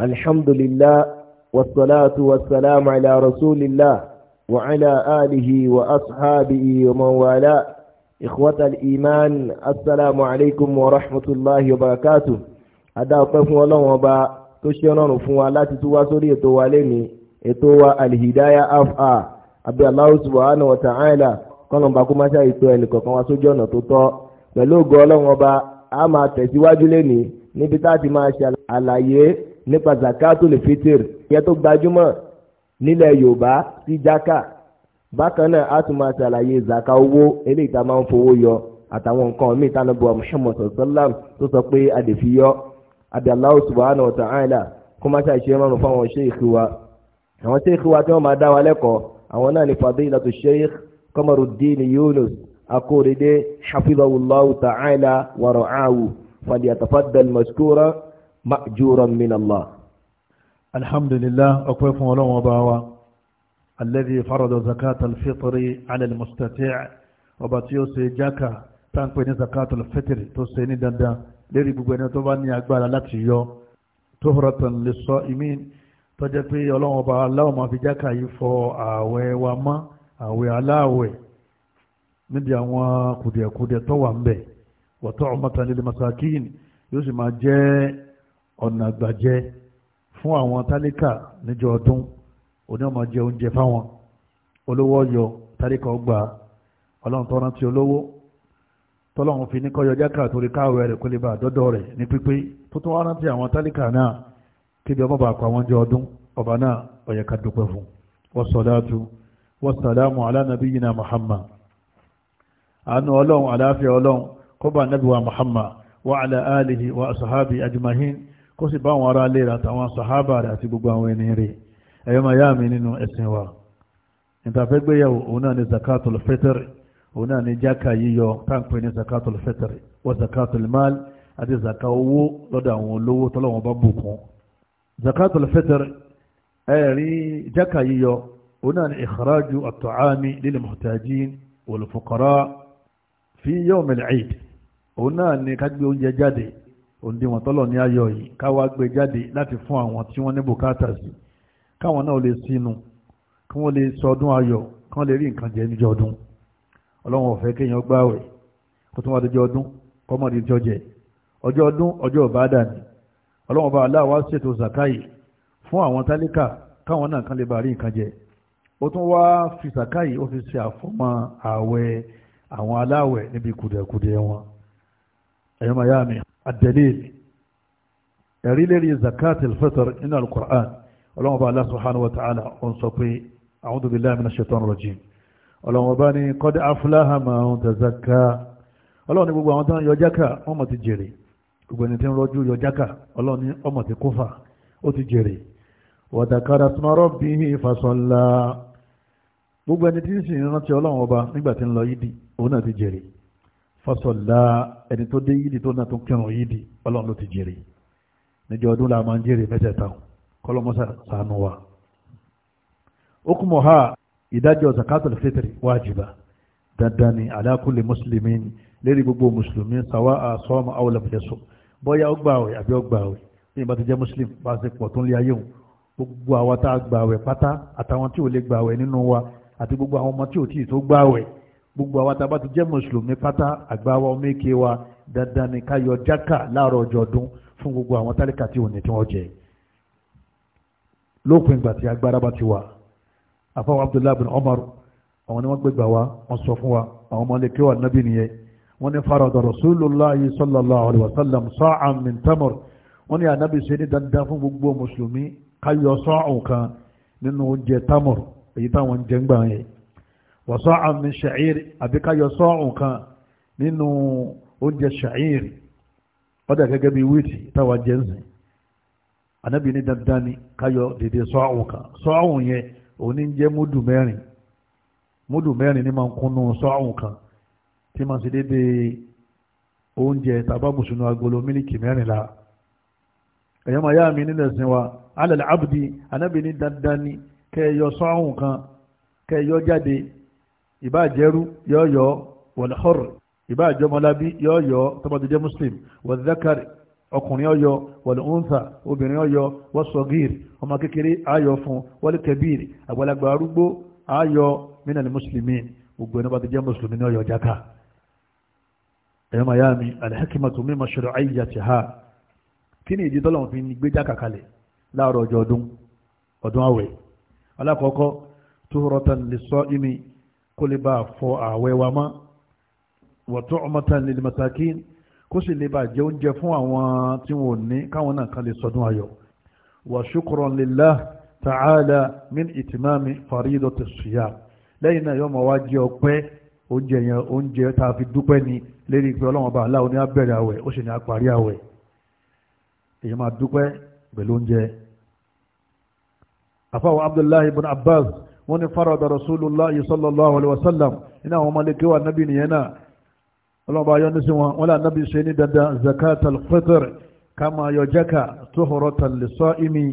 الحمد لله والصلاة والسلام على رسول الله وعلى آله وأصحابه ومن والاه إخوة الإيمان السلام عليكم ورحمة الله وبركاته أدا طفو الله وبا تشيرون فوالات تواسولي تواليني إتوا الهداية أفعى أبي الله سبحانه وتعالى kọ́nà bá kó má ṣe àìtó ẹnìkọ̀ọ̀kan wá sójú ọ̀nà tó tọ́ pẹ̀lú ògo ọlọ́run ọba a máa tẹ̀síwájú nípa zakatul fitr yẹn tó gbajúmọ̀ nílẹ̀ yorùbá sí jaka bákan náà a tún máa ṣàlàyé zaka owó eléyìí tá a máa ń fowó yọ àtàwọn nǹkan míì tánábọ̀ muhammad sallam tó sọ pé a lè fi yọ àbí Allahu wa ta'ala kó má ṣàṣe márùn fáwọn sheikh wa àwọn sheikh wa tí wọ́n máa dá wa lẹ́kọ̀ọ́ àwọn náà ní fadilatu sheikh Kamaruddin Yunus akórèdè hafizahullahu ta'ala wa ra'ahu falyatafaddal mashkura ma'juran min Allah. alhamdulillah ọpẹ́ fún ọlọ́wọ́n bá wa alladhi farada zakat alfitri ala almustati' ọba tí ó ṣe jáka táǹpẹ́ ní zakat alfitri tó ṣe ní dandan lérí gbogbo ẹni tó bá ní agbára láti yọ tuhratan lis-sa'imin tó jẹ́ pé ọlọ́wọ́n bá aláwọ̀ máa fi jáka yìí fọ ààwẹ̀ wa mọ́ ààwẹ̀ aláàwẹ̀ níbi àwọn kùdìẹ̀kùdìẹ̀ tó wà ń bẹ̀ wa tu'matan lil masakin yóò sì máa jẹ́ ọ̀nà àgbàjẹ fún àwọn tálíkà níjọ ọdún oní ọmọ jẹ oúnjẹ fáwọn olówó ọyọ tálíkà ọgbà ọlọ́run tọ́ran ti olówó tọ́lọ́run fi ní kọ́ yọjá ká torí káwé rẹ̀ kó lè bá àdọ́dọ́ rẹ̀ ní pípé tó tún wá rántí àwọn tálíkà náà kébi ọmọ bá kọ àwọn jẹ ọdún ọba náà ọ̀yẹ̀ ká dúpẹ́ fún wassalatu wassalamu ala nabiyyina muhammad àánú ọlọ́run àláfíà ọlọ́run kọ́bà nabi wa muhammad wa ala alihi wa ashabi ajma'in kó sì bá àwọn ará lè ra tàwọn sàhábà rẹ̀ àti gbogbo àwọn ẹni rẹ̀ ẹ̀yọ́ máa yá mi nínú ẹ̀sìn wa ìtàfẹ́gbéyàwó òun náà ni zakatul fitr òun náà ni jáka yíyọ táǹpẹ́ ní zakatul fitr wa zakatul mal àti zaka owó lọ́dọ̀ àwọn olówó tọ́lọ́wọ́n bá bùkún zakatul fitr ẹ̀rí jáka yíyọ òun náà ni ìkharaju àtọ̀ámi lil muhtajin wal fi yawm al òǹdíwọ̀n tọ́lọ̀ ní ayọ̀ yìí káwá gbé jáde láti fún àwọn tí wọ́n ní bùkátà sí káwọn náà lè sínú kí wọ́n lè sọdún ayọ̀ kí wọ́n lè rí nǹkan jẹ níjọ ọdún ọlọ́run ọ̀fẹ́ kéèyàn gbáwẹ̀ kó tún wá dọjọ́ ọdún kọ́mọ̀dé tí ó jẹ ọjọ́ ọdún ọjọ́ ìbádà ni ọlọ́run ọba Allah wá ṣètò zakai fún àwọn tálíkà káwọn náà kan lè bá rí nǹkan jẹ ó tún wá fi zakai ó fi ṣe àfọ́mọ́ ààwẹ̀ àwọn aláwẹ̀ níbi kùdẹ̀kùdẹ̀ wọn ẹ̀yọ́ miami àdẹ̀lẹ́lì ẹ̀rí lérí zakat al-fitr inú al-Qur'an ọlọ́wọ́n bá Allah subhanahu wa ta'ala ó ń sọ pé a'udhu billahi minash shaitanir rajim ọlọ́wọ́n bá ní qad aflaha man tazakka ọlọ́wọ́n ní gbogbo àwọn tán yọ jákà wọ́n mọ̀ ti jèrè gbogbo ẹni tí ń rọ́jú yọ jákà ọlọ́wọ́n ní ọmọ ti kófà ó ti jèrè wa dhakara isma rabbihi fasalla gbogbo ẹni tí ń sìn rántí ọlọ́wọ́n ọba nígbà tí ń lọ yídì òun náà ti jèrè fọ́sọ̀lá ẹni tó dé yídi tó náà tó kírun yídi ọlọ́run ló ti jèrè níjọ ọdún la máa ń jèrè mẹ́tẹ̀ẹ̀ta kọlọ́mọ́sà sànù wa okùnmọ̀ha ìdájọ́ zakatul fitri wájibà dandan ni ala kulli muslimin lérí gbogbo mùsùlùmí sàwá àsọ́mù àwòlẹ̀fẹ̀sọ bọ́yá ó gbààwẹ̀ àbí ó gbààwẹ̀ bí ìbá ti jẹ́ muslim bá ṣe pọ̀ tó ń lé ayé gbogbo àwa tá a gbààwẹ̀ pátá àtàwọn tí ò lè gbààwẹ̀ nínú wa àti gbogbo àwọn ọmọ tí ò tíì tó gbààwẹ̀ gbogbo àwọn tá a bá ti jẹ́ mùsùlùmí pátá àgbáwa ọmọ èké wa dandan ni ká yọ jákà láàárọ̀ ọjọ́ ọdún fún gbogbo àwọn tálíkà tí ò ní tí wọ́n jẹ lópin ìgbà tí agbára bá ti wà àfọwọ́ abdullahi bin omar àwọn ni wọ́n gbégbà wa wọ́n sọ fún wa àwọn ọmọ lèkè wa nábì nìyẹn wọ́n ní farada rasulullahi sallallahu alaihi wasallam sa'an min tamar wọ́n ní ànábì ṣe ní dandan fún gbogbo mùsùlùmí ká yọ sa'un kan nínú oúnjẹ tamar èyí táwọn jẹ ń gbà yẹn wọ̀sọ́ àmì ṣàìrì àbíkáyọ sọ́ọ̀hún kan nínú oúnjẹ ṣàìrì ọ̀dà gẹ́gẹ́ bí wíìtì táwa jẹ́ nsìn anábì ní dandan ni káyọ dèdè sọ́ọ̀hún kan sọ́ọ̀hún yẹn òní ń jẹ́ múdù mẹ́rin múdù mẹ́rin ní máa ń kúnnú sọ́ọ̀hún kan tí máa ń ṣe dédé oúnjẹ tàbá mùsùlùmí agolo mílíkì mẹ́rìnlá ẹ̀yọ́ máa yá mi nílẹ̀ sin wa alẹ́ abdi anábì ní dandan ni kẹ́ẹ̀yọ sọ́ọ̀hún kan kẹ́ẹ̀yọ jáde ìbáàjẹ́rú yọ́ọ̀yọ́ wọ̀lẹ́họ́rù ìbáàjọmọlábí yọ́ọ̀yọ́ tọ́mọdéjẹ́ muslim wọ̀dẹ́kàrì ọkùnrin ọyọ wọ̀lẹ́húnfà obìnrin ọyọ wọ́sọ̀gír ọmọ kékeré ayọ̀ fún wọ́lẹ́kẹbír àgbàlagbà arúgbó ayọ̀ mínàlì mùsùlùmí gbogbo ẹni bá ti jẹ́ mùsùlùmí ní ọyọ̀ jáká ẹ̀yọ́ miami alhakimatu mímọ̀ ṣọ̀rọ̀ ayyàtì ha kí ni ìdí tọ́lọ̀ fi gbé jáka kalẹ̀ láàárọ̀ ọjọ́ ọdún ọdún àwẹ̀ alákọ̀ọ́kọ́ tuhuratan lè sọ imi kó lè bá fọ ààwẹ̀ wa mọ́ wọ̀tọ́ ọmọta lè mọ̀tàkì kó sì lè bá jẹ oúnjẹ fún àwọn tí wọn ò ní káwọn náà kan lè sọdún ayọ̀ wa shukran lillah ta'ala min itimami faridati siyam lẹ́yìn náà yóò máa wá jẹ ọpẹ́ oúnjẹ yẹn oúnjẹ tá a fi dúpẹ́ ni lérí pé ọlọ́run ọba aláwo ní abẹ́rẹ́ àwẹ̀ ó sì ní apárí àwẹ̀ èyí máa dúpẹ́ pẹ̀lú oúnjẹ. àfàwọ̀ abdullahi ibn abbas wọ́n ní farada rasulullah sallallahu alaihi wasallam iná àwọn ọmọlẹ́kẹ́ wa nábì nìyẹn náà ọlọ́ba ayọ́ ní sí wọn wọ́n lá nábì ṣe ní dandan zakat al-fitr kama yọ jaka tuhratan lis-saimi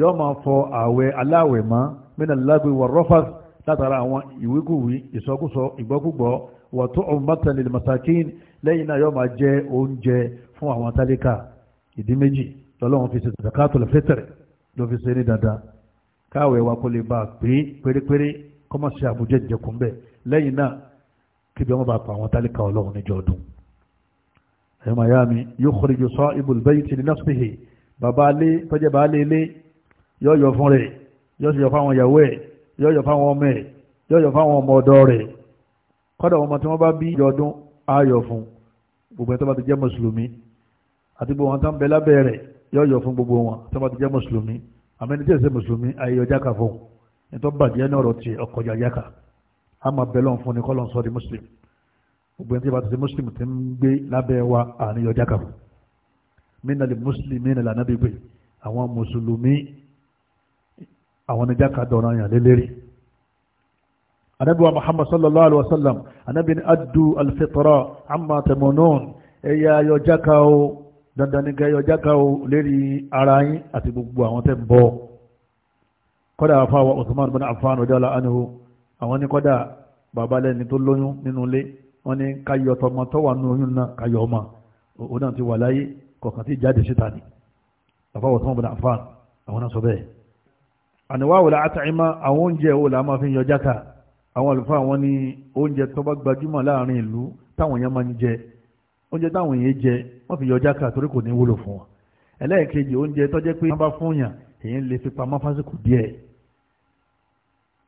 yọ́ máa fọ ààwẹ̀ aláwẹ̀ mọ́ mínà lágbè wà rọ́fàs látara àwọn ìwíkúwí ìsọkúsọ ìgbọ́kúgbọ́ wà tó ummatan lil masakin lẹ́yìn náà yọ́ máa jẹ oúnjẹ fún àwọn tálíkà ìdí méjì lọ́lọ́wọ́n fi ṣe zakatul fitr ló fi ṣe ní dandan káwẹ̀ wa kó lè bá a pé pérépéré kọ́mọ̀ sí àbújá ìjẹkùn bẹ́ẹ̀ lẹ́yìn náà kíbi ọmọ bá pa àwọn tálíkà ọlọ́run níjọ ọdún ẹ̀yọ́ miami yóò kọ́rìjọ sọ ibùdó bẹ́yìn ti ní nọ́ọ̀sìpìhì bàbá alé tọ́jẹ́ bá alé ilé yóò yọ fún rẹ̀ yóò sì yọ fáwọn ìyàwó ẹ̀ yóò yọ fáwọn ọmọ ẹ̀ yóò yọ fáwọn ọmọ ọ̀dọ̀ rẹ̀ kọ́dọ̀ ọmọ tí wọ́n bá bí wọn tó wọn bá ti àmẹ́ni tí ẹ̀sẹ̀ mùsùlùmí ayé ọjà kà fún ní tó bàjẹ́ náà rọ̀ ti ọkọjà ọjà kà á máa bẹ̀ lọ́n fún ní kọ́lọ́n sọ́ di mùsùlùmí gbogbo tí ìbátan ti mùsùlùmí ti ń gbé lábẹ́ wa àárín ọjà kà fún mínà lè mùsùlùmí nà lànà bí gbé àwọn mùsùlùmí àwọn ọjà kà dọ̀rọ̀ yàn lélẹ́rìí anabi wa muhammad sallallahu alaihi wasallam anabi ni addu alfitra amma tamunun ẹ̀yà ọjà kà o dandan ní gẹ́yọ jáka o lérí ara yín àti gbogbo àwọn tẹ́ ń bọ́ kọ́dà àfáwà Uthman bin Affan ọjọ́lá anihu àwọn ní kọ́dà bàbá lẹ́ni tó lóyún nínú ilé wọ́n ní káyọ tọmọ tó wà nínú oyún náà káyọ ọmọ òun náà ti wà láyé kọ̀ọ̀kan tí jáde síta ni àfáwà Uthman bin Affan àwọn náà sọ bẹ́ẹ̀ àníwá wò láti àìmá àwọn oúnjẹ wo là máa fi yọ jáka àwọn àlùfáà wọn ní oúnjẹ tó bá gbajúmọ̀ láàrin ìlú táwọn yẹn máa ń jẹ oúnjẹ táwọn èèyàn jẹ wọ́n fi yọ jákà torí kò ní wúlò fún wọn ẹlẹ́ẹ̀kejì oúnjẹ tọ́jẹ́ pé wọ́n bá fún yàn èyí lè fi pamọ́ fásitì díẹ̀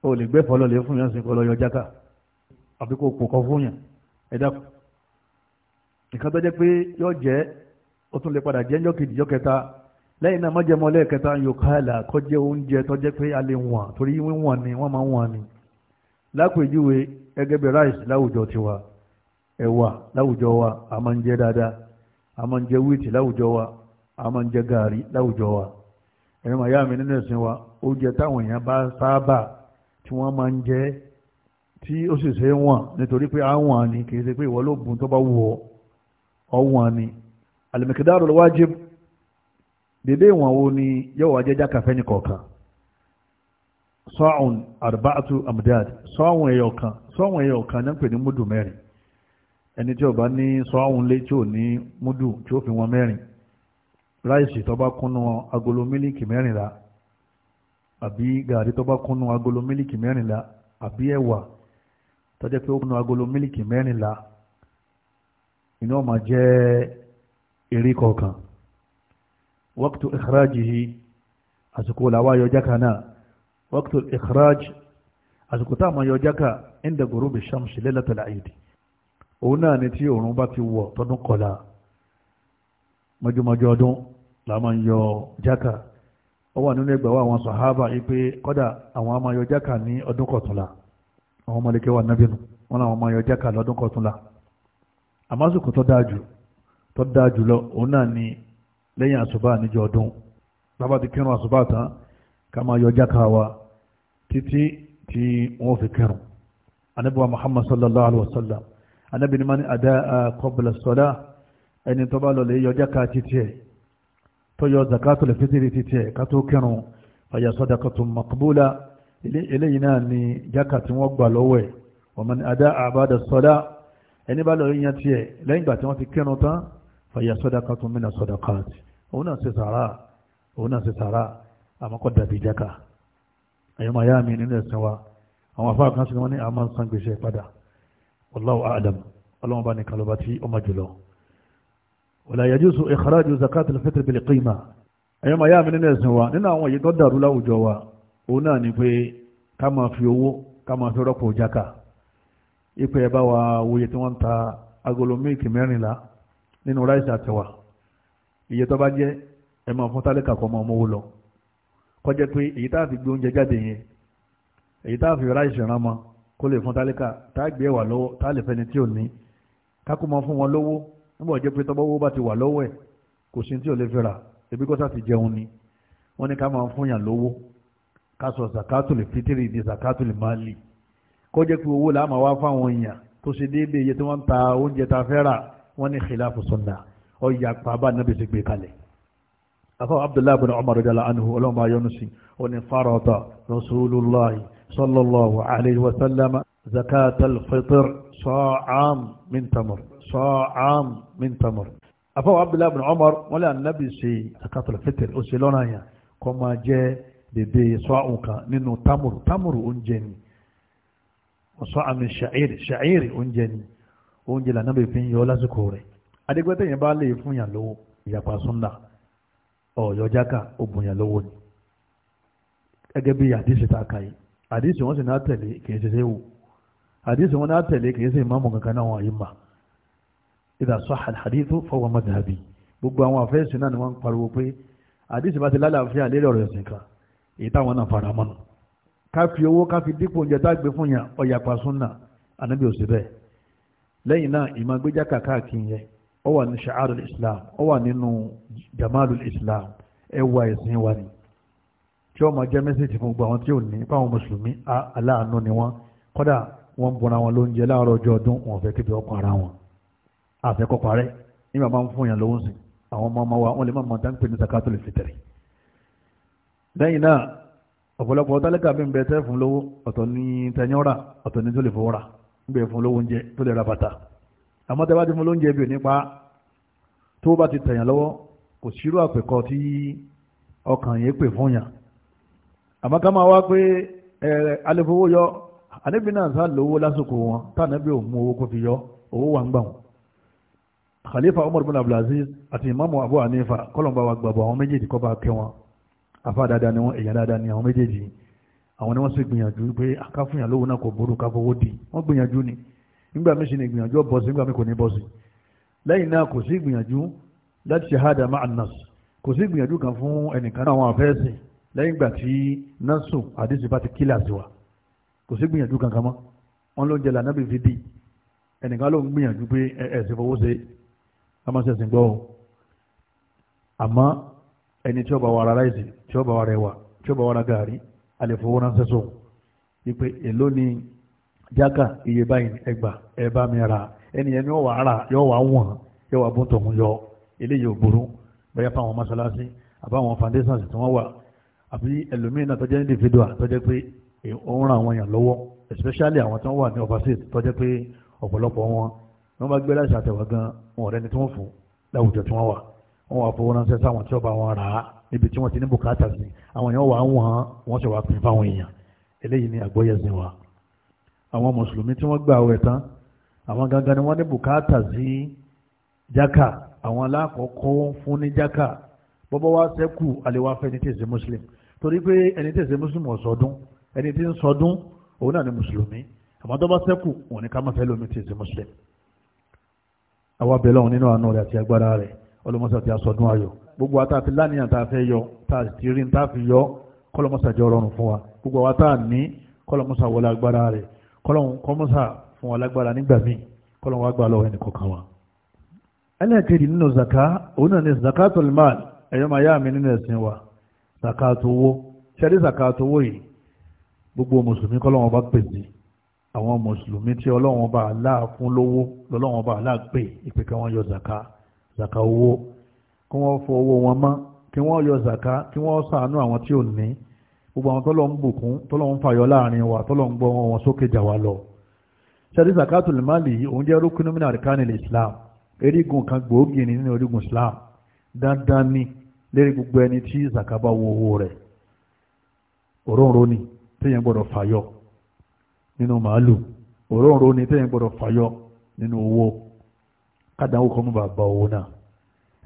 o lè gbẹ́ fọlọ́ lè fún yàn sí kọlọ́ yọ jákà àfi kò kọ́ fún yàn nǹkan tọ́jẹ́ pé yọ jẹ́ ó tún lè padà jẹ́ yọ kejì yọ kẹta lẹ́yìn náà mọ́jẹ́mọ́ lẹ́ẹ̀kẹta oúnjẹ a lè torí ni ẹ̀wà láwùjọ wa a máa ń jẹ dáadáa a máa ń jẹ wíìtì láwùjọ wa a máa ń jẹ gààrí láwùjọ wa ẹ̀rọ màá mi nínú ẹ̀sìn wa oúnjẹ táwọn èèyàn bá sábà tí máa ń jẹ ni kì í ṣe pé ìwọ ló bùn tó bá wù ni alimikidaru wájib dédé ẹni tí ó bá ní sọ́hún lé tí ò ní múdù tí ó fi wọn mẹ́rin ráìsì tó bá kúnnú agolo mílíkì mẹ́rìnlá àbí gàrí tó bá kúnnú agolo mílíkì mẹ́rìnlá àbí ẹ̀wà tó jẹ́ pé ó kúnnú agolo mílíkì mẹ́rìnlá iná ọmọ jẹ́ eré kọ̀ọ̀kan waqtu ikhrajihi àsìkò làwọn yọ jáka náà waqtu ikhraj àsìkò táwọn yọ jáka inda gurubi shams lailatul aidi òun náà ni tí òòrùn bá ti wọ̀ tọdún kọlá mọ́júmọ́jú ọdún la máa ń yọ jáka ó wà nínú ẹgbẹ̀wọ́ àwọn sàhábà yìí pé kọ́dà àwọn a máa yọ jáka ní ọdún kọtùnlá àwọn ọmọlẹ́kẹ́ wà nábìnú wọn làwọn máa yọ jáka lọ́dún kọtùnlá àmásùkù tó dáa jù tó dáa jù lọ òun náà ni lẹ́yìn àṣùbà níjọ ọdún lábàá ti kírun àṣùbà tán ká máa yọ jáka wa títí tí wọ́n fi kírun anábíwá Muhammad sallallahu alayhi wa sallam anábì ní ma ní àdá àkọ́bùlà sọ́dá ẹni tó bá lọlẹ̀ yọ jáka títí ẹ̀ tó yọ zakatul fitri títí ẹ̀ ká tó kírun fàyà sadaqatun maqbula eléyìí náà ni jáka tí wọ́n gbà lọ́wọ́ ẹ̀ wa man àdá àbádà sọ́dá ẹni bá lọ yíyan tiẹ̀ lẹ́yìn ìgbà tí wọ́n ti kírun tán fàyà sadaqatun mina sadaqat òun náà ṣe sàrà òun náà ṣe sàrà àmọ́kọ́ dàbí jáka ẹ̀yọ́ màá yá mi nínú ẹ̀sìn wa àwọn afáàkàn sí wọn ní àmọ́ san padà wallahu a'lam ọlọ́run bá nìkan lọ́ba tí ó ma jùlọ. wala yajuzu ikhraju zakat al-fitr bil qima ẹ̀yọ́ màá yá mi nínú ẹ̀sìn wa nínú àwọn èyí tó dàrú láwùjọ wa òun náà ni pé ká máa fi owó ká máa fi rọ́pò jáka ipò ẹ̀ bá wa wòye tí wọ́n ń ta agolo mílìkì mẹ́rìnlá nínú ráìsì àtẹ̀wà iye tó bá jẹ́ ẹ máa fún tálíkà kọ́ máa mówó lọ kọjá pé èyí tá a fi gbé oúnjẹ jáde yẹn èyí tá a fi ráìsì rán mọ́ kó lè fún tálíkà tá a gbé wà lọ́wọ́ tá a lè fẹ́ni tí ò ní kákó mọ fún wọn lówó nígbà jẹ́ pé tọ́bọ́wó bá ti wà lọ́wọ́ ẹ̀ kò sí tí ò lè fẹ́ra ebi kọ́sà ti jẹun ni wọ́n ní ká máa fún yàn lówó ká sọ zakatu lè fitiri ní zakatu lè máa lì kó jẹ́ pé owó làá wá fáwọn èèyàn tó ṣe déédéé iye tí wọ́n ń ta oúnjẹ ta fẹ́ rà wọ́n ní khilafu sunna ọ̀yà pàbá nàbì sì gbé kalẹ̀ afọ abdullahi bin umar radiyallahu anhu ọlọ́mọ ayọ́nusi ó ní farada صلى الله عليه وسلم زكاة الفطر صاعا من تمر صاعا من تمر أفو عبد الله بن عمر ولا النبي سي زكاة الفطر أسلونا يا كما جاء ببي صاعك ننو تمر تمر أنجني وصاع من شعير شعير أنجني oúnjẹ النبي فين fi ń أدي lásìkò rẹ̀ فين يلو bá lè fún yàn lówó ìyàpá súnà ọ̀yọ́jáka òbùnyàn àdìsí wọn sì náà tẹ̀lé kìí ṣe séwu àdìsí wọn náà tẹ̀lé kìí ṣe ìmáàmù kankan náà wọn àyíma ìdá sahha hadithu fahuwa madhhabi gbogbo àwọn àfẹ́sìn náà ni wọ́n ń pariwo pé àdìsí bá ti lálàáfíà lérí ọ̀rọ̀ ẹ̀sìn kan èyí táwọn náà fara mọ́nu ká fi owó ká fi dípò oúnjẹ tá a gbé fún yàn ọ̀yà pàṣúnà ànábì ò sí bẹ́ẹ̀ lẹ́yìn náà ìmọ̀gbẹ́jà kàkàkì yẹn ó islam ó wà tí ó máa jẹ́ mẹ́sẹ̀jì fún gbogbo àwọn tí ò ní fáwọn mùsùlùmí aláàánú ni wọ́n kọ́dà wọ́n ń bọ́ra wọn lóúnjẹ láàárọ̀ ọjọ́ ọdún wọn fẹ́ kébi ọkọ̀ ara wọn àfẹ́kọ̀ parẹ́ ní bàbá ń fún yàn lówó sí àwọn ọmọ ọmọ wa wọn lè má mọ̀tá ń pè ní sakato lè fìtẹ̀rì lẹ́yìn náà ọ̀pọ̀lọpọ̀ tálíkà bí n bẹ tẹ́ fún lówó ọ̀tọ̀ ní tẹ̀yọ́ra ọ̀tọ̀ ní tó lè fowó ń bẹ àmọ́ ká máa wá pé alẹ́fowó yọ ànábì náà sá lówó lásìkò wọn tànábì ò owó kó fi yọ owó wà ń gbà wọn khalifa umar bin abdulaziz àti imamu abu hanifa kọlọmba wa gbàgbọ́ àwọn méjèèjì kọ́ bá kẹ́ wọn afá dáadáa ni wọn èèyàn dáadáa ni àwọn méjèèjì àwọn ni wọ́n sì gbìyànjú pé akáfúnyàn lówó náà kò burú káfowó dì wọ́n gbìyànjú ni nígbà mi sì ni gbìyànjú bọ́sì nígbà mi kò ní bọ́sì lẹ́yìn náà kò sí gbìyànjú láti ṣe hádà máa nas kò sí gbìyànjú kan fún ẹnìkan náà àwọn àfẹ́sìn lẹ́yìn ìgbà tí násù àdísù bá ti kílà sí wa kò sí gbìyànjú kankan mọ́ wọn ló ń jẹlẹ anábì fi dì ẹnìkan ló ń gbìyànjú pé ẹ̀sìn fowó ṣe amáṣẹ́sìn gbọ́ àmọ́ ẹni tí ó bá wa ra ráìsì tí ó bá wa ra ẹ̀wà tí ó bá wa gàárì alẹ́ fowó ránṣẹ́ sóhun wípé èló ni jáka iye báyìí ẹgbà ẹbá mi ra ẹni ẹni ọwà ara yọwà wọn yọwà bó tọ̀hún yọ eléyìí ò burú bóyá fáwọn mọ́sálásí àbáwọn foundations tí wọ́n wà àbí ẹlòmíín náà tọ́jẹ́ individual tọ́jẹ́ pé òun ràn àwọn èèyàn lọ́wọ́ especially àwọn tó wà ní overseas tọ́jẹ́ pé ọ̀pọ̀lọpọ̀ wọn wọ́n bá gbé láti àtẹ̀wà gan wọn ọ̀rẹ́ni tí wọ́n fún láwùjọ tí wọ́n wà wọ́n wà fowó ránṣẹ́ sáwọn tí ọba wọn rà á níbi tí wọ́n ti ní bùkátà sí àwọn èèyàn wà wọ́n wọ́n sì wà pín fáwọn èèyàn eléyìí ni àgbọ́yẹ̀sìn wa àwọn mùsùlùmí tí wọ́n gbà àwẹ̀ tán àwọn gangan ni wọ́n ní bùkátà sí jákà àwọn alákọ̀ọ́kọ́ fún ní jákà bọ́bọ́ wá sẹ́kù àlewà fẹ́ ẹni tí èsè muslim torí pé ẹni tí èsè muslim ọ̀sọ́dún ẹni tí ń sọdún òun náà ni mùsùlùmí àmọ́ tó bá sẹ́kù òun ni ká má fẹ́ lómi tí èsè muslim. àwa bẹ̀rẹ̀ òun nínú àánú rẹ̀ àti agbára rẹ̀ ọlọ́mọṣà ti aṣọdún ayọ̀ gbogbo ata ti lánìyàn tá a fẹ́ yọ tá a ti rí tá a fi yọ kọ́lọ́mọṣà jẹ́ ọrọ̀rùn fún wa gbogbo ẹlẹ́ẹ̀kejì nínú zaka òun náà ni zakatul mal ẹ̀yọ́ máa yá mi nínú ẹ̀sìn wa sàkáàtò owó ṣẹ́rí sàkáàtò owó yìí gbogbo mùsùlùmí kọ́lọ́wọ́n bá pèsè àwọn mùsùlùmí tí ọlọ́wọ́n bá aláàfún lówó lọ́lọ́wọ́n bá aláàpè ìpè kí wọ́n yọ zàká zàká owó kí wọ́n fọ owó wọn mọ́ kí wọ́n yọ zàká kí wọ́n sàánú àwọn tí ò ní gbogbo àwọn tọ́lọ́ ń bùkún tọ́lọ́ ń fàyọ láàrin wa tọ́lọ́ ń gbọ́ wọn sókè jà wá lọ ṣẹ́rí zàkátù lìmáàlì òun jẹ́ rúkúnú mínà islam erigun kan gbòógì nínú erigun islam dandan ni lérí gbogbo ẹni tí zakaba wo owó rẹ̀ òróǹro ni téèyàn gbọ́dọ̀ fàyọ nínú màálù òróǹro ni téèyàn gbọ́dọ̀ fàyọ nínú owó kádàáwó kan bá ba owó náà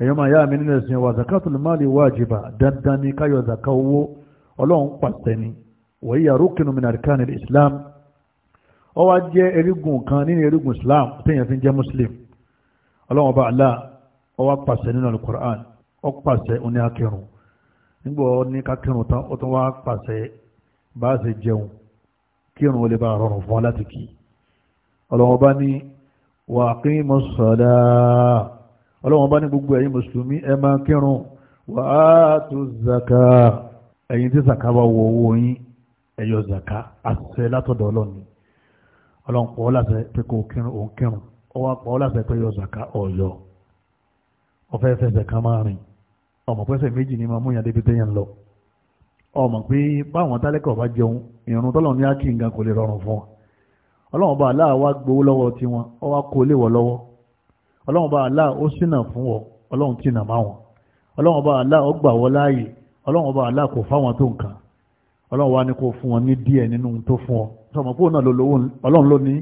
èyàn máa yá mi nínú ẹ̀sìn wa zakatul mali wajiba dandan ni káyọ̀ zaka owó ọlọ́run pàṣẹ ni wọ́n yà rúkìnnù min arkanil islam ó wá jẹ́ erigun kan nínú erigun islam téèyàn fi jẹ́ muslim ọlọ́run ọba Allah ó wá pàṣẹ nínú alukur'an ó pàṣẹ ó akẹrùn nígbà ní kakẹrùn tán ó tún wá pàṣẹ bá a ṣe jẹun kírun ó lè bá a rọrùn fún wa láti kí ọlọ́wọ́n bá ní wa aqimus salah ọlọ́wọ́n bá ní gbogbo ẹ̀yin mùsùlùmí ẹ máa kírun wa atuz zakah ẹ̀yin tí zaka bá wọ owó yín ẹ yọ zaka àṣẹ látọ̀dọ̀ ọlọ́ni ọlọ́run pọ̀ ọ́ láṣẹ pé kò kírun òun kírun ọwọ́ pọ̀ ọ́ láṣẹ pé yọ zaka ọ̀yọ́ ọ̀fẹ́ fẹsẹ̀ kan máa rìn ọmọ pẹ́sẹ̀ méjì ni máa mú yàn débi téèyàn lọ ọmọ pé báwọn tálẹ́kọ̀ bá jẹun ìrún tọ́lọ̀ ní ákì nǹkan kò lè rọrùn fún wọn ọlọ́run bá aláà wá gbowó lọ́wọ́ tiwọn ọ wá kó léwọ́ lọ́wọ́ ọlọ́run bá aláà ó ṣìnà fún wọn ọlọ́run tìnà má wọn ọlọ́run bá aláà ó gbà wọ́n láàyè ọlọ́run bá aláà kò fáwọn tó nǹkan ọlọ́run wá ní kó fún wọn ní díẹ̀ nínú tó fún ọ sọmọ náà ló ọlọ́run ló ní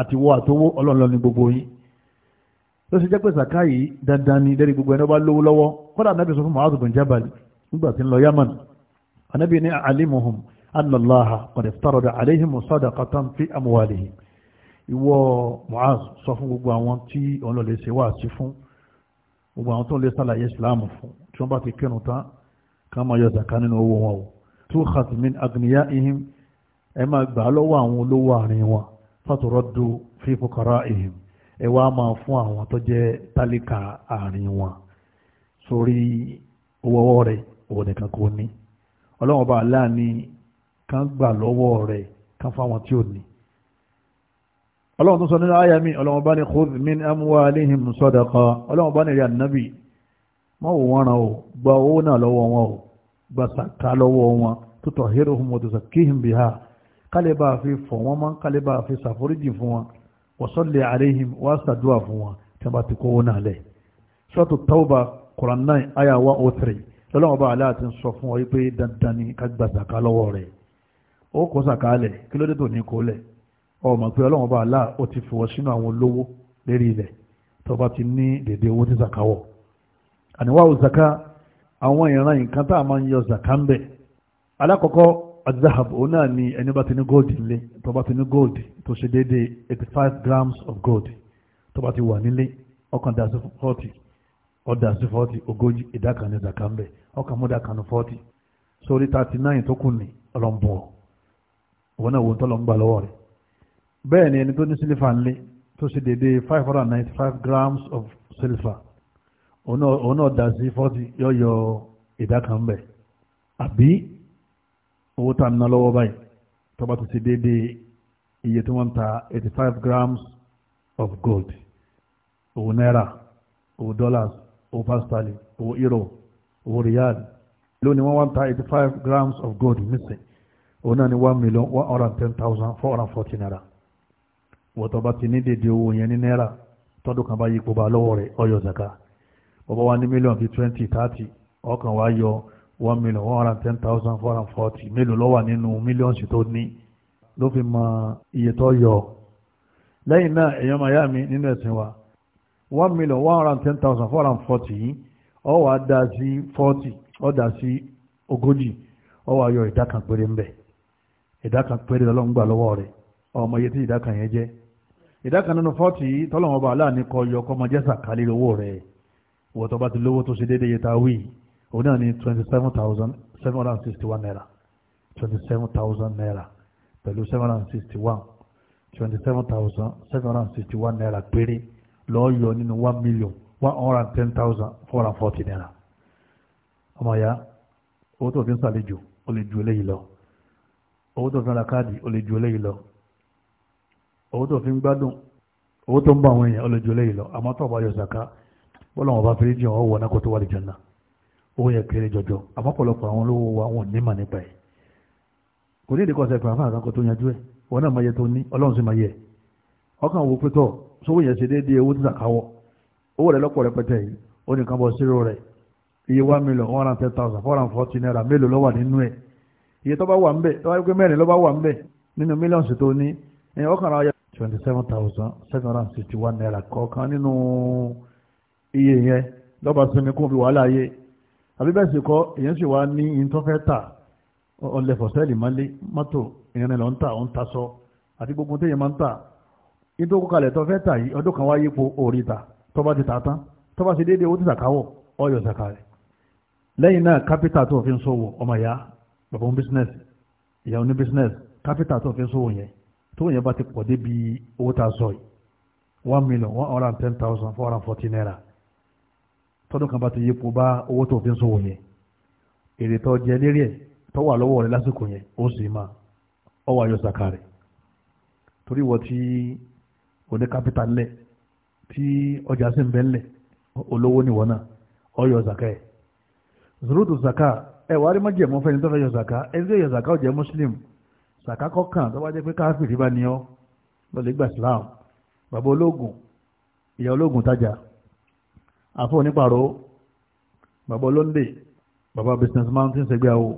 àtiwọ́ àtowó ọlọ́run ló gbogbo yín ló ṣe jẹ́ pé sàká yìí dandan ni lẹ́rìí gbogbo ẹni ọba lówó lọ́wọ́ kọ́dà anábì sọ fún Mu'adh bin Jabal nígbà tí ń lọ Yaman anábì ní alimuhum annallaha qad iftarada alayhim sadaqatan fi amwalihim ìwọ Mu'adh sọ fún gbogbo àwọn tí òun lọ lè ṣe wáàsí fún gbogbo àwọn tó ń lè sàlàyé Islam fún tí wọ́n bá ti kírun tán ká máa yọ sàká nínú owó wọn o tukhadh min aghniya'ihim ẹ máa gbà lọ́wọ́ àwọn olówó àárín wọn faturaddu fi fuqara'ihim ẹ wá máa fún àwọn tó jẹ́ tálíkà àárín wọn sórí owó ọwọ́ rẹ̀ nìkan kò ní bá kan gbà lọ́wọ́ rẹ̀ kan fáwọn tí ò ní ọlọ́run tó sọ nínú àyà mi ọlọ́run bá ní khudh min amwalihim sadaqa ọlọ́run bá ní rí ànábì mọ́ wò gba owó náà lọ́wọ́ wọn ó gba sàká lọ́wọ́ wọn tó tọ̀ hẹ́rọ̀ ohun mọ̀tò sàkíhìn bìhá kálíbà fi fọ̀ wọ́n mọ́ fi fún wasalli alayhim wa ṣàdúrà fún wọn tí wọ́n ti kówó náà lẹ̀ ṣọ́tù tauba Quran 9 aya 103 lọ́lọ́wọ́ bá aláà ti ń sọ fún ọ wípé dandan ni ká gba sàká lọ́wọ́ rẹ̀ ó kó sàká lẹ̀ kí ló dé tó ní kó lẹ̀ ọmọ pé ọlọ́wọ́ bá aláà ó ti fòwọ́ sínú àwọn olówó lérí ilẹ̀ tó bá ti ní dèdè owó tí sàká wọ̀ àníwá ò sàká àwọn ìran nǹkan tá a máa ń yọ sàká ń bẹ̀ alákọ̀ọ́kọ́ azahab òun náà ni ẹni bá ti ní gold nílé tó bá ti ní gold tó ṣe déédéé eighty five grams of gold tó bá ti wà nílé ọkàn dà sí forty ọ̀dà sí forty ogójì ìdá kan ní zakambe ọkàn mọ́dà kan ní forty sórí thirty nine tó kù ní ọlọ́mbùn òun náà wò ń tọ́lọ́ ń gbà lọ́wọ́ rẹ̀ bẹ́ẹ̀ ni ẹni tó ní sílífà nílé tó ṣe déédéé five hundred and ninety five grams of silver òun náà dà sí forty yọ̀ọ̀yọ̀ ìdá kan àbí owó tá à ń ná lọ́wọ́ báyìí tó ti ṣe iye tí wọ́n ta eighty five grams of gold owó náírà owó dollars owó pastali owó euro owó riyal lónìí wọ́n wá ń ta eighty five grams of gold nísìn òun náà ni one million one hundred and ten thousand four hundred and forty naira wọ́n tó bá ti ní déédéé owó yẹn ní náírà tọ́dún kan bá yípo bá lọ́wọ́ rẹ̀ ọyọ zaka bọ́bá wa ní mílíọ̀nù bíi twenty thirty ọkàn wa yọ one million one hundred and ten thousand four hundred and forty mélòó ló wà nínú mílíọ̀nsì tó ní ló fi mọ iye tó yọ lẹ́yìn náà èèyàn máa yá mi nínú ẹ̀sìn wa one million one hundred and ten thousand four hundred and forty yìí ọ wà á dá sí forty ọ dá sí ogójì ọ wà á yọ ìdá kan péré ńbẹ ìdá kan péré lọ́lọ́run gbà lọ́wọ́ rẹ̀ ọmọ iye tí ìdá kan yẹn jẹ́ ìdá kan nínú forty yìí tọ́lọ́wọ́n ọba aláàánú kọ yọ kọ́mọ jẹ́sà kálí owó rẹ̀ wọ́n tó bá ti lówó tó ṣe déédéé yẹ ta wíì òun náà ní twenty seven thousand seven hundred and sixty one naira twenty seven thousand naira pẹ̀lú seven hundred and sixty one twenty seven thousand seven hundred and sixty one naira péré lọ́ọ́ yọ nínú one million one hundred and ten thousand four hundred and forty naira ọmọ ya owó tó fi ń sàlejò ó lè ju eléyìí lọ owó tó fi ń ra káàdì ó lè ju eléyìí lọ owó tó fi ń gbádùn owó tó ń bá àwọn èèyàn ó lè ju eléyìí lọ àmọ́ tó bá yọ sàká bọ́lá wọn bá fi rí jẹun ọwọ́ náà kó tó wà lè jẹun náà owó yẹn kéré jọjọ àmọ́ pọ̀lọpọ̀ àwọn olówó wa wọn ò ní mà nípa ẹ̀ kò ní ìdíkọ̀sẹ̀ pẹ̀lú àfáà kankan tó yanjú ẹ̀ wọn náà máa yẹ tó ní ọlọ́run sì máa yẹ ọkàn wo pé tọ̀ sówó yẹn ṣe déédéé owó títà káwọ́ owó rẹ̀ lọ́pọ̀ rẹpẹtẹ yìí ó ní kan bọ̀ sírò rẹ̀ iye one million one hundred thousand four hundred forty naira mélòó ló wà nínú ẹ̀ iye tó bá wà ń bẹ̀ tó bá gbé mẹ́rin ló wà ń bẹ̀ nínú mílíọ̀nù tó ní ẹ̀yìn ọkàn ra ọyẹ twenty seven thousand seven hundred and sixty one naira kọ̀ọ̀kan nínú iye yẹn lọ́ba sinmi kún bí wàhálà yé àbí bẹ́ẹ̀ sì kọ́ èyàn sì wá ní ìtọ́fẹ́ tà ọlẹ̀ fọ̀sẹ́ẹ̀lì mọ́lé mọ́tò èyàn lọ ń tà ó ń tasọ àti gbogbo téèyàn máa ń tà ìdókò kalẹ̀ tọ́fẹ́ tà yìí ọdún kan wá yípo orí ta tó ti tà tán tó ti déédéé owó ti sàkáwọ̀ ọyọ̀ sàkàrẹ̀ lẹ́yìn náà kápítà tó fi ń sọ̀wọ̀ ọmọ ìyá bàbá business ìyá oní business kápítà tó fi ń sọ̀wọ̀ yẹn tó yẹn bá ti pọ̀ débi owó ta sọ one million one hundred and ten thousand four hundred and forty naira tọ́dún kan bá ti yípo bá owó tó fi ń sòwò yẹn èrè tó jẹ lérí ẹ̀ tó wà lọ́wọ́ rẹ̀ lásìkò yẹn ó sì máa ọ wà yọ sàkà rẹ̀ torí wọ́n ti oní kápítà ńlẹ̀ tí ọjà sì ń bẹ́ ńlẹ̀ olówó ni wọ́n náà ọ yọ sàkà ẹ̀ zurutu sàkà ẹ̀ wàá rí má jẹ̀mọ́ fẹ́ni tó fẹ́ yọ sàkà ẹ̀ ń yọ sàkà ó jẹ́ muslim sàkà kọ̀ọ̀kan tó bá jẹ́ pé káfíìrì bá ní ọ lọ́lẹ́gbà islam bàbá ológun ìyá ológun tajà àfọ́ onípàrọ̀ bàbá olóńdè bàbá business man ti ń ṣẹgbẹ́ àwọ̀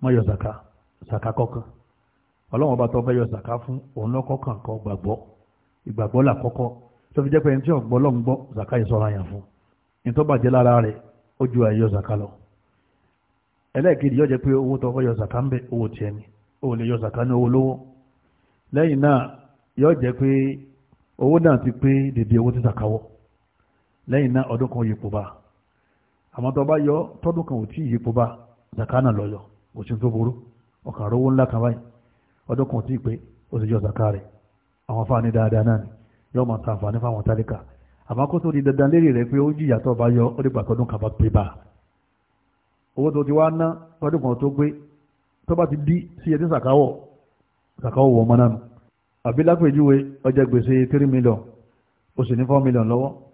mọ́ yọ sàká sàká kọ̀ọ̀kan ọlọ́wọ́n bá tọ́ fẹ́ yọ sàká fún òun lọ́kọ̀ kàǹkọ́ gbàgbọ́ ìgbàgbọ́ là kọ́kọ́ tó fi jẹ́ pé ẹni tí ọ̀gbọ́ lọ́n gbọ́ sàká ìsọ̀rọ̀ àyàn fún ní tó bàjẹ́ lára rẹ̀ ó ju àyè yọ sàká lọ ẹlẹ́ẹ̀kejì yọ jẹ́ pé owó tó fẹ́ yọ ń bẹ owó tiẹ̀ ni owó lè yọ sàká ní owó lówó lẹ́yìn náà yọ jẹ́ pé owó náà ti pé dèdè owó ti sàkáwọ́ lẹ́yìn náà ọdún kan yípo bá àmọ́ tó bá yọ tọ́dún kan ò tí yípo bá zakana lọ́yọ̀ kò sí tó burú ọkàn rówó ńlá kan báyìí ọdún kan ò tí pé ó sì yọ zakari àwọn fáàní dáadáa náà ni yọ máa ta àǹfààní fáwọn tálíkà àmọ́ kó tó di dandan lérí rẹ̀ pé ó jìyà tó bá yọ ó dìgbà tọ́dún kan bá pé bá owó tó ti wá ná tọ́dún kan tó pé tó bá ti dí sí ẹtí sàkáwọ̀ sàkáwọ̀ wọ̀ ọmọ náà àbí lápèjúwe ọjà gbèsè three million ó sì ní four million lọ́wọ́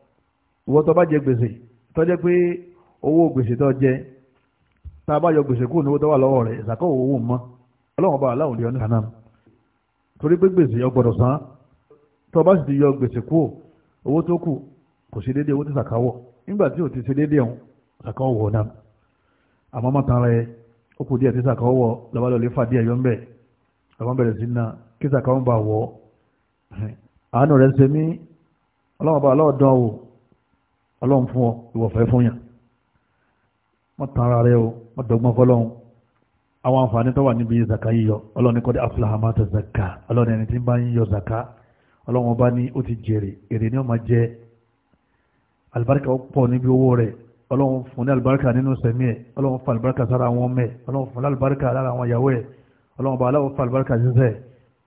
ìwọ tó bá jẹ gbèsè tó jẹ pé owó gbèsè tó jẹ tá a bá yọ gbèsè kúrò níwó tó wà lọ́wọ́ rẹ̀ ìsàkó owó mọ́ ọlọ́run bá aláwọ̀ lẹ́yìn ọ̀nà torí pé gbèsè yọ san tó bá sì ti yọ gbèsè kúrò owó tó kù kò sí déédéé owó sàkà wọ̀ nígbà tí ti ṣe déédéé ọ̀hún sàkà wọ̀ náà àmọ́ rẹ̀ ó kù díẹ̀ tí sàkà wọ̀ ọlọ́run fún ọ ìwọ̀fẹ́ fún yàn wọ́n tan ara rẹ o wọ́n dọ́gbọ́n fọlọ́run àwọn àǹfààní tó wà níbi zaka yíyọ ọlọ́run kọ́ dé afúláhà máa zaka ọlọ́run ẹni tí ń bá yíyọ zaka ọlọ́run ọba ní ó ti jèrè èrè ni ó máa jẹ alibarika ó pọ̀ níbi owó rẹ̀ ọlọ́run fún ní alibarika nínú sẹ̀mí ẹ̀ ọlọ́run fún alibarika sára àwọn ọmọ ẹ̀ ọlọ́run fún alibarika lára àwọn ìyàwó ẹ̀ ọlọ́run bá aláwọ̀ fún alibarika sísẹ̀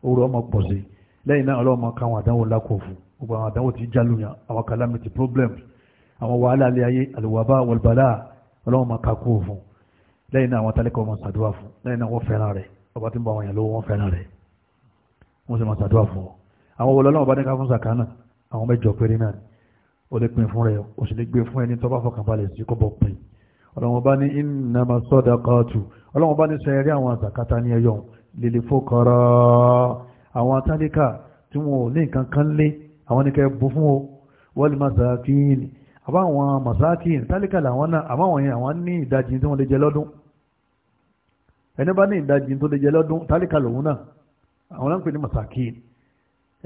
òru ọmọ pọ̀ sí lẹ́yìn náà ọlọ́run máa káwọn àdánwò lákòófù gbogbo àwọn àdánwò ti jálùyàn àwọn calamity problems àwọn wàhálà alẹ́ ayé àlùwàbá wọlbàlá ọlọ́run máa ka kú fún lẹ́yìn náà àwọn tálíkà máa ṣàdúrà fún lẹ́yìn náà wọ́n fẹ́ràn rẹ̀ ọba tí ń bọ àwọn èèyàn lọ́wọ́ wọ́n fẹ́ràn rẹ̀ wọ́n sì máa ṣàdúrà fún ọ àwọn wọlé ọlọ́run bá ní ká fún sàkánà àwọn mẹ́jọ péré náà ó lè pin fún rẹ̀ ó sì lè gbé fún ẹni tó bá fọkàn balẹ̀ sí kọ́ bọ́ pin ọlọ́run bá ní ìnàmà sọ́dà kọ́ọ̀tù ọlọ́run bá ní sẹ́yẹrí àwọn àzàkátà ní ẹyọ lílé fókọrọ àwọn atálíkà tí wọn ò ní nǹkan kan lé àwọn ní kẹ́ bú fún o wọ́n lè má sàákìíní àbá àwọn masakin tálíkà làwọn náà àbá àwọn yẹn àwọn ní ìdajì tí wọ́n lè jẹ lọ́dún ẹni bá ní ìdajì tó lè jẹ lọ́dún tálíkà lòun náà àwọn náà ń pè ní masakin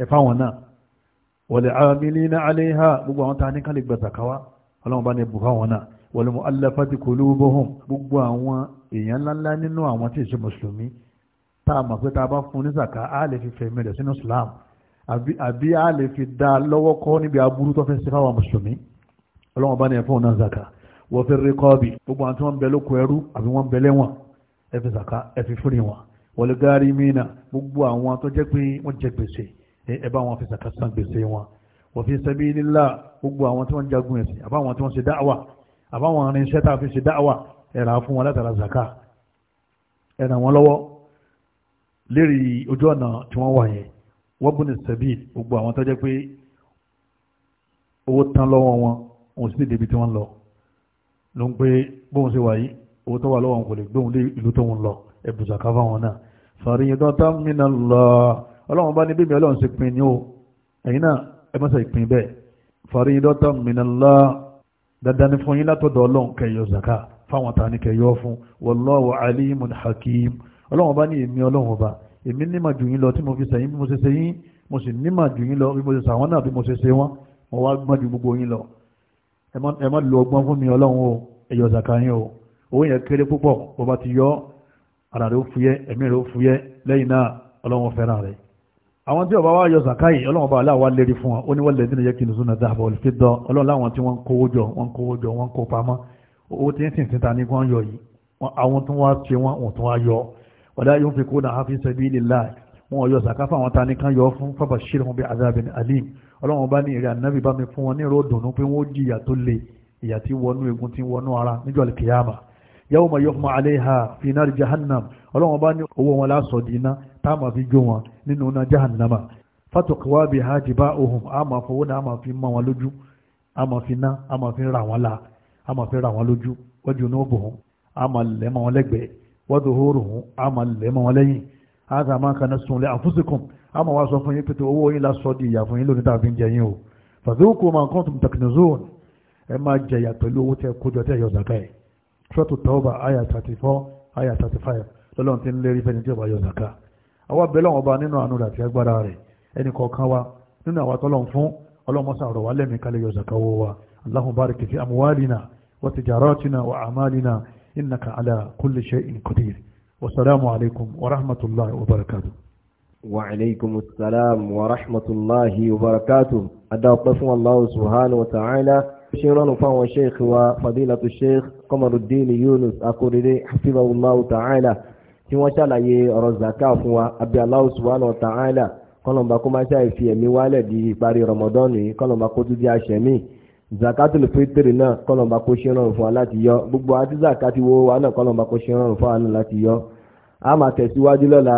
ẹ̀fà wọn náà wal amilina alayha gbogbo àwọn tá a ní kálí gbàtà káwá ọlọ́run bá ní bùfá wọn náà wal mu'allafati qulubuhum gbogbo àwọn èèyàn ńláńlá nínú àwọn tí ìṣe mùsùlùmí tá a mọ̀ pé tá a bá fún ní zaka á lè fi fẹ̀mí rẹ̀ sínú Islam àbí á lè fi dá lọ́wọ́ kọ́ níbi aburú tó fẹ́ sí fáwọn mùsùlùmí ọlọ́wọ́n bá ní ẹ̀fọ́ náà zaka wọ́n fi rí kọ́ọ̀bì gbogbo àwọn tí wọ́n ń bẹ ẹrú àbí wọ́n ń bẹ ẹ fi zaka ẹ fi fúnni wọn wọ́n lè gáárí mìíràn gbogbo àwọn tó jẹ́ pé wọ́n jẹ gbèsè ẹ bá wọn fi zaka san gbèsè wọn wọ́n fi sabilillah gbogbo àwọn tí wọ́n jagun ẹ̀sìn àbáwọn tí wọ́n ṣe dáwà àbáwọn irinṣẹ́ tá a fi ṣe dáwà ẹ rà fún wọn látara zaka ẹ ràn wọ́n lọ́wọ́ lérí ojú ọ̀nà tí wọ́n wà yẹn wọ́n bú ní sẹ́bíl gbogbo àwọn tó jẹ́ pé owó tán lọ́wọ́ wọn òun sì débi tí wọ́n lọ ló ń pé bóun ṣe wà yìí owó tó wà lọ́wọ́ òun kò lè gbóhun dé ìlú tó ń lọ ẹ̀bùsà ká fáwọn náà faridatan minallah ọlọ́run bá ní bí mi ọlọ́run ṣe pin ní o ẹ̀yin náà ẹ mọ́sẹ̀ ìpín bẹ́ẹ̀ faridatan minallah dandan ni fún yín látọ̀dọ̀ ọlọ́run kẹyọ zaka fáwọn tani kẹyọ fún wallahu alimun hakim ọlọ́run bá ní èmi ọlọ́run ọba èmi nímọ̀ jù yín lọ tí mo fi sẹ́yìn bí mo ṣe ṣe yín mo sì nímọ̀ jù yín lọ bí mo ṣe ṣàwọn náà bí mo ṣe ṣe wọ́n mo wá gbọ́n ju gbogbo yín lọ ẹ má lo ọgbọ́n fún mi ọlọ́run o ẹ̀yọ̀ zaka yín o owó yẹn kéré púpọ̀ bó bá ti yọ ara rẹ̀ ó fúyẹ́ ẹ̀mí rẹ̀ ó fúyẹ́ lẹ́yìn náà ọlọ́run fẹ́ràn rẹ̀ àwọn tí ọba wa yọ zaka yìí ọlọ́run bá aláwa lérí fún wa ó ní wọ́n lẹ́sìn yẹ kí nìzúnà dáàbò olùfẹ́ dọ́ ọlọ́run láwọn tí wọ́n kówó jọ wọ́n kówó jọ wọ́n kó pamọ́ owó tí ń sìn síta ní wọ́n yọ yìí àwọn tó wá ṣe wọ́n ò tún wá yọ wọ́n yóò fi kó náà hafi sabilillah wọn yọ sàká fáwọn ta ní kan yọ fún fábà ṣírun bí azabin alim ọlọ́run bá ní èrè ànábì bá mi fún wọn ní ròdùnú pé wọ́n jìyà tó le ìyà tí wọnú egun tí wọnú ara níjọ́ alikiyama yawma yuhma alayha fi nar jahannam ọlọ́run bá ní owó wọn lásọ̀ di tá a máa fi jó wọn nínú iná jahannama fatuqwa biha jiba'uhum a máa fowó náà a máa fi mọ wọn lójú a máa fi ná a máa fi ra wọn la a máa fi ra wọn lójú wa junubuhum a máa lẹ́mọ wọn lẹ́gbẹ̀ẹ́ wa zuhuruhum a máa lẹ́mọ wọn ága máa kaná sunlé àfúsìkùn a máa wá sọ fún yín pété owó yín lásọ di ìyà fún yín lónìí tàbí jẹ yín o fàzíwùkú máa kọ́ tún tẹkinizóòn ẹ máa jẹyà pẹ̀lú owó tẹ kójọ tẹ yọ zaka ẹ̀ ṣọ́tù tọ́ọ̀bà àyà 34 àyà 35 lọ́lọ́run ti ń lérí fẹ́ni tí ó bá yọ zaka àwa bẹ́ẹ̀ lọ́wọ́ bá nínú àánú àti agbára rẹ̀ ẹnì kọ̀ọ̀kan wa nínú àwa tọ́lọ́run fún ọlọ́mọsà ọ̀rọ̀ wa lẹ́mìí kalẹ̀ yọ zaka owó wa allahumma barik fi amwalina wa tijaratina wa amalina innaka ala kulli shay'in qadir wasalaamu alaykum wa rahmatulahi wa barakatu. wa aleykum salaam wa rahmatulahi wa barakatu. adáwọ̀pẹ́ fún allahu subhanahu wa ta'ala. ṣe ránu fáwọn sheikh wa fadilatu sheikh kọmọrùdín yunus akóredé hafizahullahu ta'ala tí wọ́n ṣàlàyé ọ̀rọ̀ zaka fún wa abi allahu subhanahu wa ta'ala kọlọ̀mbà kó máa ṣàìfi ẹ̀mí wálẹ̀ di ìparí ramadan yìí kọlọ̀mbà kó tún di àṣẹmí zakatul fitri náà kọ́lọ̀mbà kó ṣe rọrùn fún wa láti yọ gbogbo àti zakati wo wa náà kọ́lọ̀mbà kó ṣe rọrùn fún wa náà láti yọ a máa tẹ̀síwájú lọ́la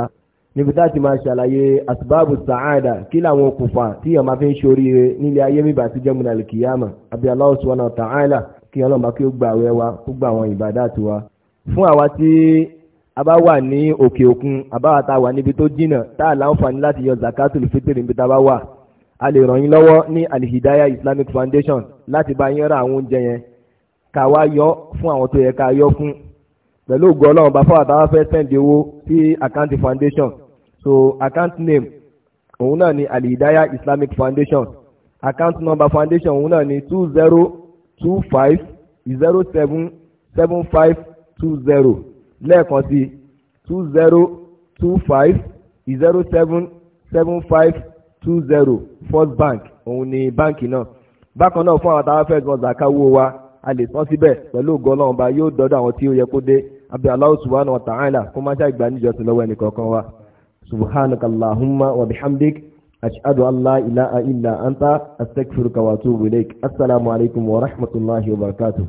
níbi tá a ti máa ṣàlàyé asbabu sa'ada kí làwọn okùnfà tí yàn máa fi ń ṣoríire nílé ayé mi bá jẹ́ múnalè kìyàmà àbí Allah subhanahu ta'ala kí ọlọ́mbà kí ó gba àwẹ̀ wa kó gba àwọn ìbádàtù wa fún àwa tí a bá wà ní òkè òkun àbáwá tá wà níbi tó jìnnà tá a láǹfààní láti yọ zakatul fitri níbi tá a bá wà a lè ràn yín lọ́wọ́ ní alihidaya islamic foundation láti bá yín ra àwọn oúnjẹ yẹn ká wá yọ fún àwọn tó yẹ ká yọ fún pẹ̀lú ògo ọlọ́run bá fáwọn àtàwọn fẹ́ sẹ́ǹdì owó sí account foundation so account name òun náà ni alihidaya islamic foundation account number foundation òun náà ni two zero two five zero seven seven five two zero lẹ́ẹ̀kan sí two zero two five zero seven seven five two zero first bank òun ni báǹkì náà bákan náà fún àwọn táwọn fẹ́ẹ́ gbọ́n zaka owó wa a lè san síbẹ̀ pẹ̀lú ògo ọlọ́run bá yóò dọ́dọ̀ àwọn tí ó yẹ kó dé abdul alahu subhanahu wa ta'ala kó má ṣe àgbà níjọsìn lọ́wọ́ ẹnì kọ̀ọ̀kan wa subhanaka allahumma wa bihamdik ashhadu an ilaha illa anta astaghfiruka wa atubu ilaik assalamu alaikum wa rahmatullahi wa barakatuh.